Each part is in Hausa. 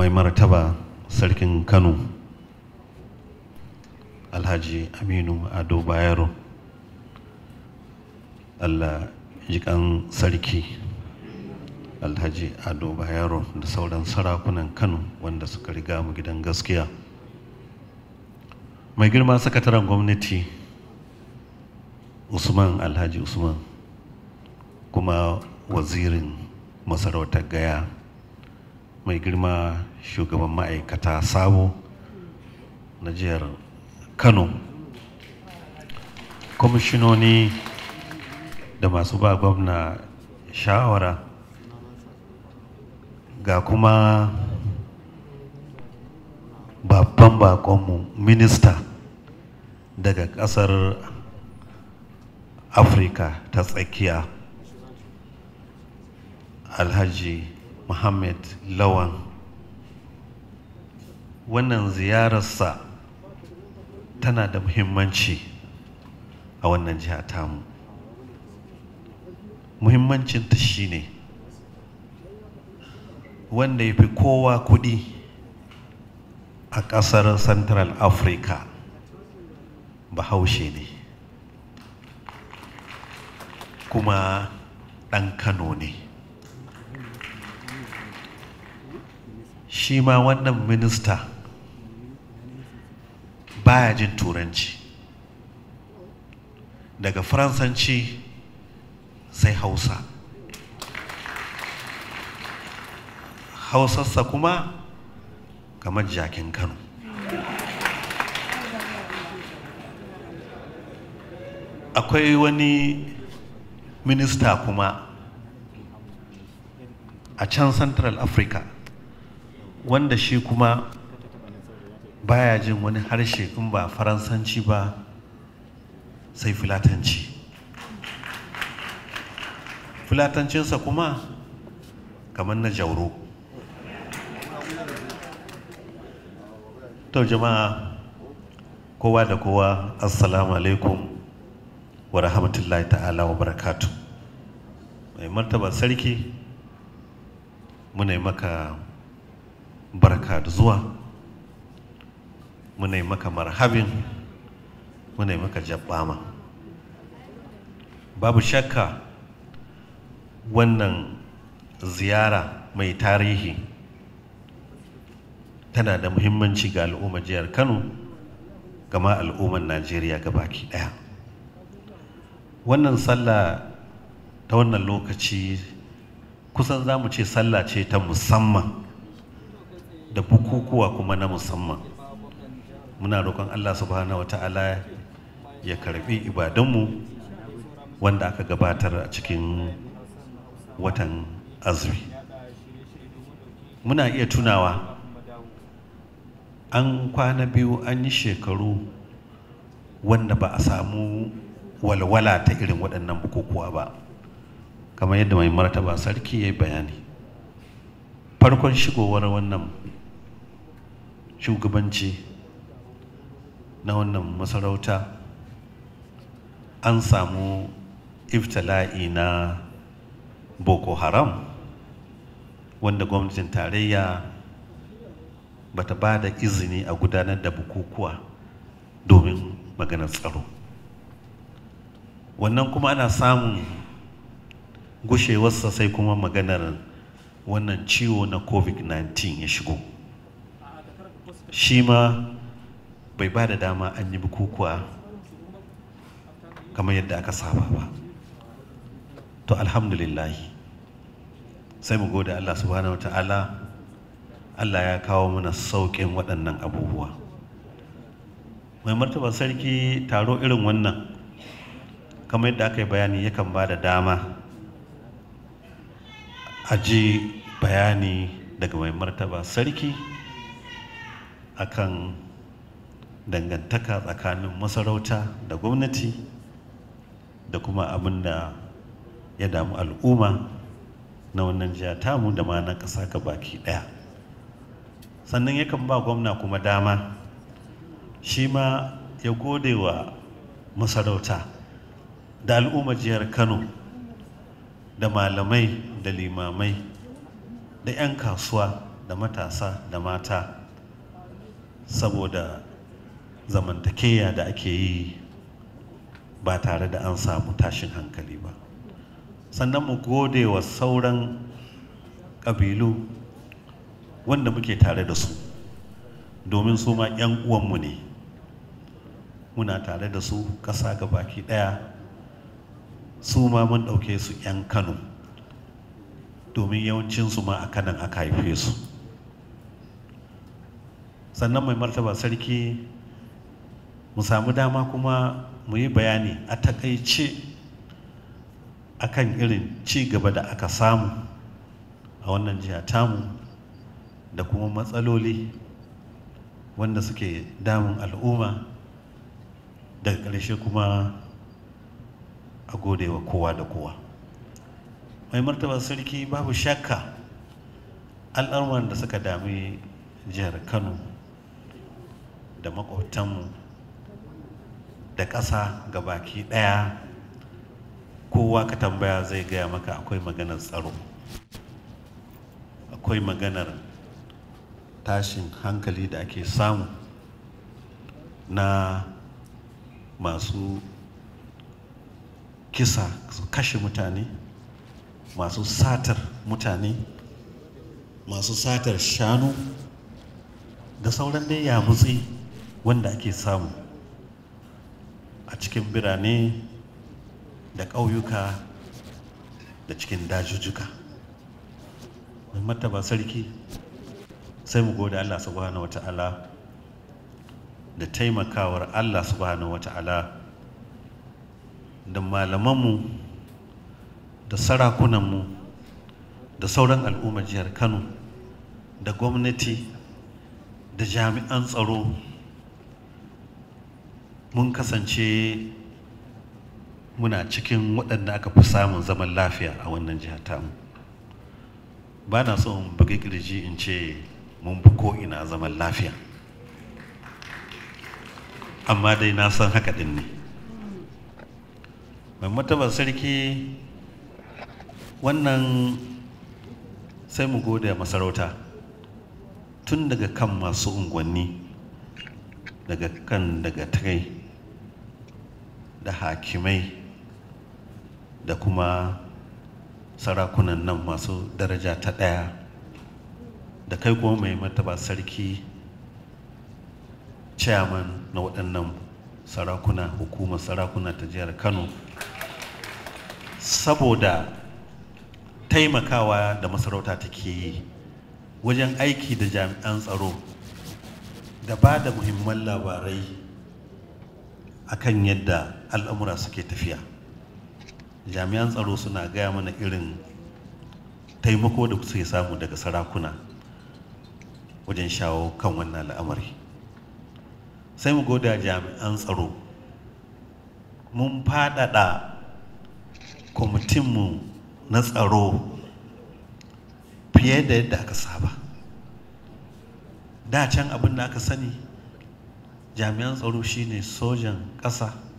mai martaba sarkin kano alhaji aminu ado bayero allah jikan sarki alhaji ado bayero da sauran sarakunan kano wanda suka riga mu gidan gaskiya mai girma sakataren gwamnati usman alhaji usman kuma wazirin masarautar gaya mai girma shugaban ma'aikata sabo na jihar kano kwamishinoni da masu ba gwamna shawara ga kuma babban bakonmu minista daga kasar afirka ta tsakiya alhaji Muhammad Lawan wannan ziyararsa tana da muhimmanci a wannan jiha tamu muhimmancinta ne wanda ya fi kowa kuɗi a ƙasar central africa bahaushe ne kuma ɗan kano ne shi ma wannan minista baya jin turanci daga faransanci sai hausa hausarsa kuma kamar jakin kano akwai wani minista kuma a can central africa wanda shi kuma baya jin wani harshe in ba faransanci ba sai filatanci filatancinsa kuma kamar na jauro to jama'a kowa da kowa assalamu alaikum wa rahmatullahi ta'ala wa barakatu mai martaba sarki muna maka barka da zuwa muna yi maka marhabin muna yi maka jabbama babu shakka wannan ziyara mai tarihi tana da muhimmanci ga al'ummar jihar kano gama al'ummar najeriya baki daya wannan sallah ta wannan lokaci kusan za mu ce sallah ce ta musamman da bukukuwa kuma na musamman muna roƙon Allah subhanahu Ta'ala ya karbi ibadanmu wanda aka gabatar a cikin watan azumi muna iya tunawa an kwana biyu an yi shekaru wanda ba a samu walwala ta irin waɗannan bukukuwa ba kamar yadda mai martaba sarki ya yi bayani farkon shigowar wannan shugabanci na wannan masarauta an samu iftala'i na boko haram wanda gwamnatin tarayya bata ba da izini a gudanar da bukukuwa domin maganar tsaro wannan kuma ana samun gushewarsa sai kuma maganar wannan ciwo na covid-19 ya shigo shi ma bai ba da dama an yi bukukuwa kamar yadda aka saba ba to alhamdulillah sai mu gode Allah subhanahu wata'ala Allah ya kawo mana sauƙin waɗannan abubuwa mai martaba sarki taro irin wannan kamar yadda aka yi bayani yakan ba da dama a ji bayani daga mai martaba sarki akan dangantaka tsakanin masarauta da gwamnati da kuma abin da ya damu al'umma na wannan jiya tamu da ma na ƙasa ka baki ɗaya sannan yakan ba gwamna kuma dama shi ma ya gode wa masarauta da al'umma jihar kano da malamai da limamai da 'yan kasuwa da matasa da mata saboda zamantakeya da ake yi ba tare da an samu tashin hankali ba sannan mu gode wa sauran ƙabilu wanda muke tare da su domin su ma 'yan uwanmu ne muna tare da su ƙasa ga baki ɗaya su ma mun ɗauke su 'yan kano domin yawancinsu ma a kanan aka haife su sannan mai martaba sarki mu samu dama kuma mu yi bayani a takaice kan irin ci gaba da aka samu a wannan jiha tamu da kuma matsaloli wanda suke damun al'umma daga ƙarshe kuma a gode wa kowa da kowa mai martaba sarki babu shakka al'amuran da suka dami jihar kano da makwabtanmu da ƙasa ga baki ɗaya kowa ka tambaya zai gaya maka akwai maganar tsaro akwai maganar tashin hankali da ake samu na masu kisa su kashe mutane masu satar mutane masu satar shanu da sauran dai yamutse wanda ake samu a cikin birane da ƙauyuka da cikin dajujjuka mai sarki sai mu gode allah subhanahu wata'ala da taimakawar allah subhanahu wata'ala da malamanmu da sarakunanmu da sauran al'ummar jihar kano da gwamnati da jami'an tsaro mun kasance muna cikin waɗanda aka fi samun zaman lafiya a wannan jihar tamu ba na so in buga ƙirji in ce mun fi ko'ina zaman lafiya amma dai na san haka ɗin ne mai matabar sarki wannan sai mu gode masarauta tun daga kan masu unguwanni daga kan daga takai da hakimai da kuma sarakunan nan masu daraja ta ɗaya da kai kuma mai martaba sarki chairman na waɗannan sarakuna hukumar sarakuna ta jihar kano saboda taimakawa da masarauta take yi wajen aiki da jami'an tsaro da ba da muhimman labarai akan yadda al'amura suke tafiya jami'an tsaro suna gaya mana irin taimako da suke samu daga sarakuna wajen shawo kan wannan al'amari sai mu goda jami'an tsaro mun faɗaɗa kwamitinmu na tsaro fiye da yadda aka saba da can abin da aka sani jami'an tsaro shine sojan ƙasa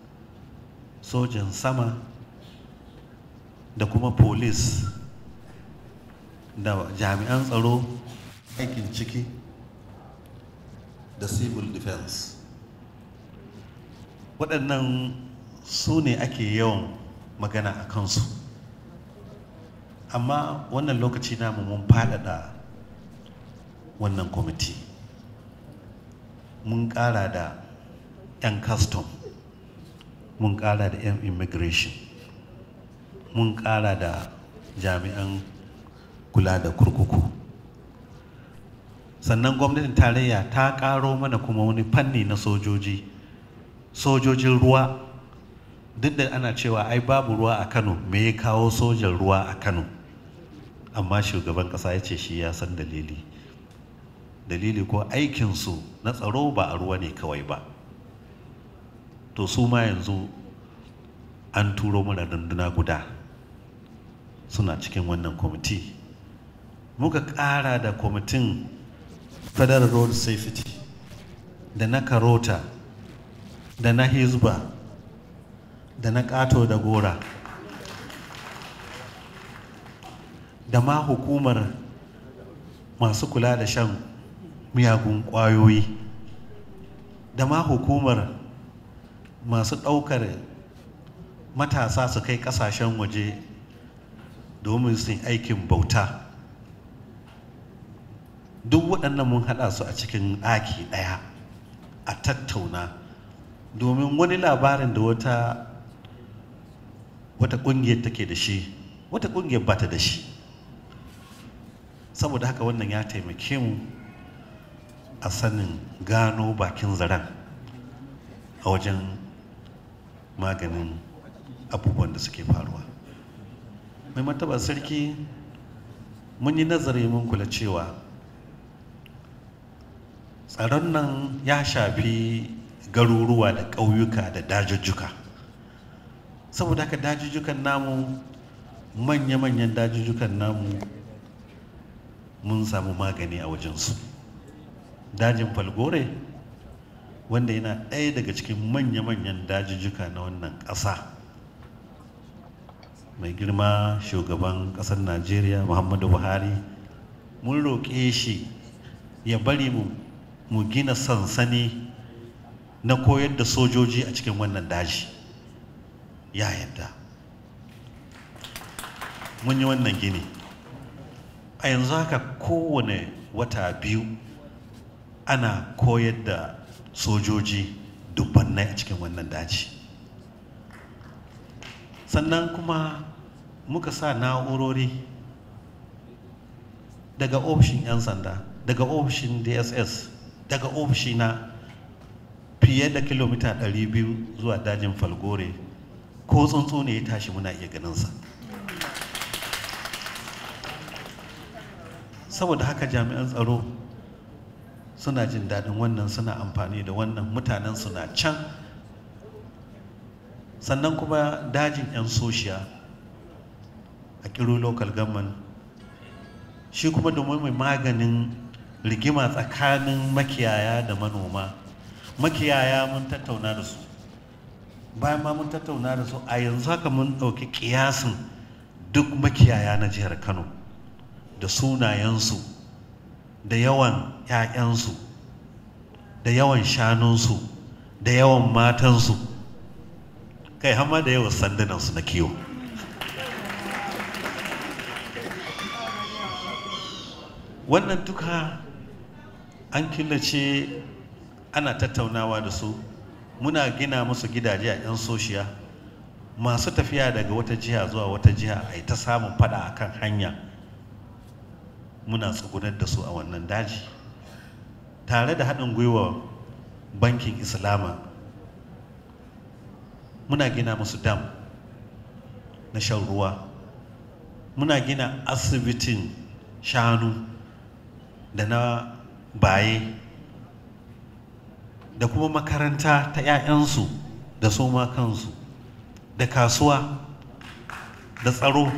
sojan sama da kuma polis da jami'an tsaro aikin ciki da civil defense waɗannan su ne ake yawan magana a kansu amma wannan lokaci namu mun faɗaɗa wannan kwamiti mun ƙara da 'yan kastom. mun ƙara da 'yan immigration mun ƙara da jami'an kula da kurkuku sannan gwamnatin tarayya ta ƙaro mana kuma wani fanni na sojoji sojojin ruwa duk da ana cewa ai babu ruwa a kano me ya kawo sojan ruwa a kano amma shugaban ƙasa ya ce shi ya san dalili dalili ko aikinsu na tsaro ba a ruwa ne kawai ba to su ma yanzu an turo mana runduna guda suna cikin wannan kwamiti muka ƙara da kwamitin federal road safety da na karota da na hezba da na ƙato da gora da ma hukumar masu kula da shan miyagun ƙwayoyi da ma hukumar masu ɗaukar matasa su kai ƙasashen waje domin su aikin bauta duk waɗannan mun haɗa su a cikin ɗaki ɗaya a tattauna domin wani labarin da wata wata ƙungiyar take da shi wata ƙungiyar ba ta da shi saboda haka wannan ya taimake mu a sanin gano bakin zaren a wajen maganin abubuwan da suke faruwa mai mataba sarki mun yi nazari mun kula cewa tsaron nan ya shafi garuruwa da ƙauyuka da dajujjuka saboda haka dajujjukan namu manya-manyan dajujjukan namu mun samu magani a wajensu dajin falgore wanda yana ɗaya daga cikin manya-manyan dajijjuka na wannan ƙasa mai girma shugaban ƙasar najeriya muhammadu buhari mun roƙe shi ya bari mu gina sansani na koyar da sojoji a cikin wannan daji ya yadda mun yi wannan gini a yanzu haka kowane wata biyu ana koyar da sojoji dubbannai a cikin wannan daji sannan kuma muka sa na'urori daga ofishin 'yan sanda daga ofishin dss daga na fiye da kilomita 200 zuwa dajin falgore ko tsuntsu ne ya tashi muna iya ganinsa saboda haka jami'an tsaro suna jin daɗin wannan suna amfani da wannan mutanen suna can sannan kuma dajin 'yan soshiya a kiro local government shi kuma domin mai maganin rigima tsakanin makiyaya da manoma makiyaya mun tattauna da su bayan ma mun tattauna da su a yanzu haka mun ɗauki kiyasin duk makiyaya na jihar kano da sunayensu da yawan 'ya'yansu da yawan shanunsu da yawan matansu kai hama da yawan sandunansu na kiwo wannan duka an killace ana tattaunawa da su muna gina musu gidaje a 'yan soshiya masu tafiya daga wata jiha zuwa wata jiha a yi ta samun fada a kan hanya muna tsugunar da su a wannan daji tare da haɗin gwiwa bankin islama muna gina musu dam na shan ruwa muna gina asibitin shanu da na baye da kuma makaranta ta 'ya'yansu da su ma kansu da kasuwa da tsaro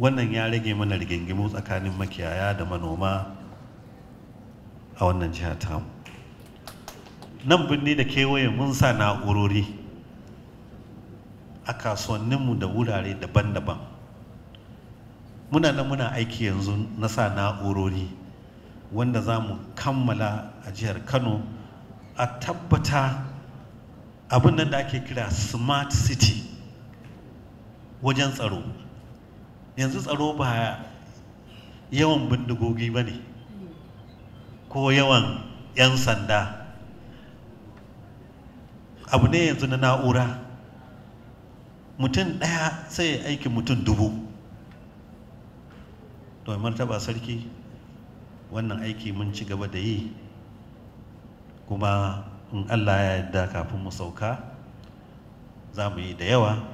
wannan ya rage mana rigingimu tsakanin makiyaya da manoma a wannan jihar tamu nan birni da kewaye mun sa na'urori a kasuwanninmu da wurare daban-daban muna nan muna aiki yanzu na sa na'urori wanda za mu kammala a jihar kano a tabbata abin da ake kira smart city wajen tsaro yanzu tsaro ba yawan bindigogi ba ne ko yawan 'yan sanda abu ne yanzu na na'ura mutum ɗaya sai ya aiki mutum dubu domin martaba sarki wannan aiki mun ci gaba da yi kuma in allah ya yadda kafin mu sauka za mu yi da yawa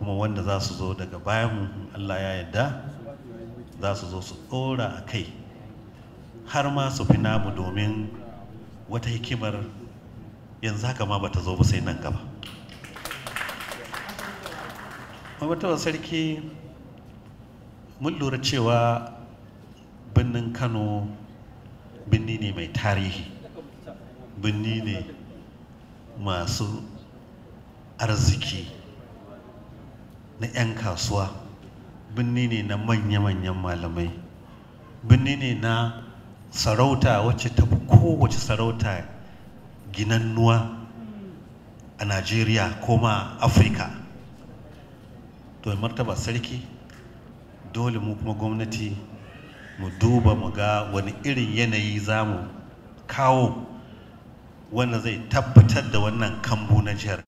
kuma wanda za su zo daga bayan Allah ya yarda za su zo su ɗora a kai har ma su fi namu domin wata hikimar yanzu haka ma bata zo ba sai nan gaba mabatawa sarki mun lura cewa birnin kano birni ne mai tarihi birni ne masu arziki na 'yan kasuwa binni ne na manya-manyan malamai birni ne na sarauta wacce ta fi kowace sarauta ginannuwa a najeriya ko ma afirka to martaba sarki dole mu kuma gwamnati mu duba mu ga wani irin yanayi za mu kawo wanda zai tabbatar da wannan kambu na jihar